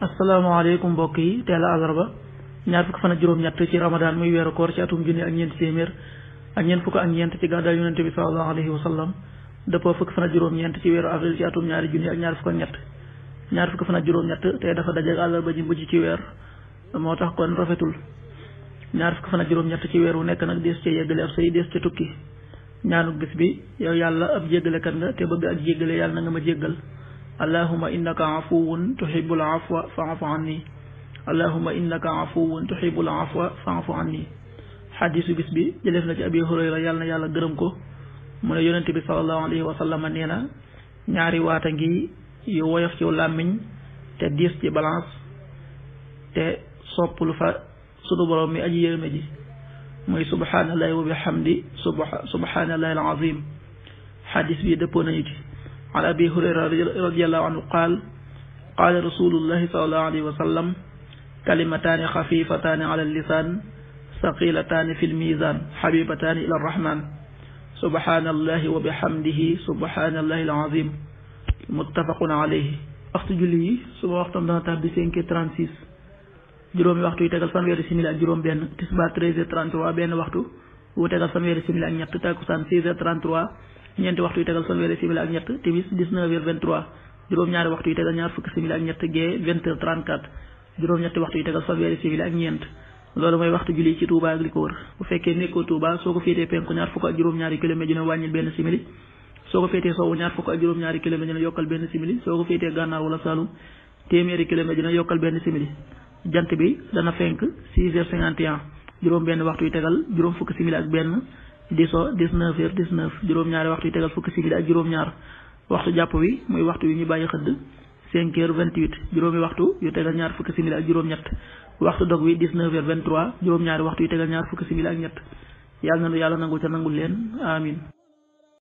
asalaamaaleykum mbokk yi teel a àllarba ñaar fukk fan ak juróom-ñett ci ramadan muy weeru koor ci atum junni ak ñeent téeméer ak ñeent fukk ak ñeent ci gàddaay yonente bi sallallahu alayhi wa sallam dëppoo fukk fan ak juróom-ñeent ci weeru avril ci atum ñaari junni ak ñaar fukk ak ñett ñaar fukk fan ak juróom-ñett tey dafa dajeeg ji ci weer moo tax kon rafetul ñaar fukk fan ak ci weer wu nekk nag dees ca yeggale ab say dees ci tukki ñaanu bis bi yow yàlla ab jéggalekat nga te bëgg ak jéggale yàlla na nga ma jéggal allahuma innaka afuwun tuhibbul afwa fa'fu anni allahuma innaka afuwun tuhibbul afwa fa'fu anni xadiisu bis bi jëleef na ci abi hurayra yàlla na yàlla gërëm ko mu ne yonente bi sallallahu alayhi wa sallam nee na ñaari waata ngi yu woyof ci làmmiñ te diis ci balance te sopp fa sunu borom mi aji yërme ji muy subhanallahi wa bihamdi subhanallahi alazim xadis bi dëppoo nañu ci an abi hurayra radiallahu anhu qaal qaala rasulullahi salallahu alayhi wa sallam kalimataani xafifataani ala lisaan saqilataani fi lmisan xabibataani ila arrahman subhanallahi wa bihamdihi subhanallahi alazim muttafaqun alayhi waxtu julli yi suba waxtam dana tax di cinq heures trente-six juróomi waxtu yi tegal fanweeri simili ak juróom benn tisbaar treize heures trente-trois benn waxtu wu tegal fanweeri simili ak ñett takkusaan 6 heures 33 ñeenti waxtu yu tegal fanweeri simili ak ñett timis 19 heures 23 juróom-ñaari waxtu yu tegal ñaar simili ak ñeent loolu mooy waxtu julli ci Touba ak bu fekkee nekkoo Touba soo ko féetee penku ñaar fukk ak juróom-ñaari kilomètre dina wàññil benn simili soo ko féetee sowwu ñaar fukk ak juróom-ñaari kilomètre dina yokkal benn simili soo ko féetee gànnaar wala Saloum juróom benn waxtu yu tegal juróom fukki simili ak benn diso dix-neuf heures dix juróom-ñaari waxtu yu tegal fukki simili ak juróom-ñaar waxtu jàpp wi muy waxtu yu ñu bàyyi xëdd cinq heures vingt-huit juróomi waxtu yu tegal ñaar fukki simili ak juróom-ñett waxtu dog wi dix-neuf heures vingt-trois juróom-ñaari waxtu yu tegal ñaar fukki simili ak ñett yàlla na yàlla nangu ca nangul leen amin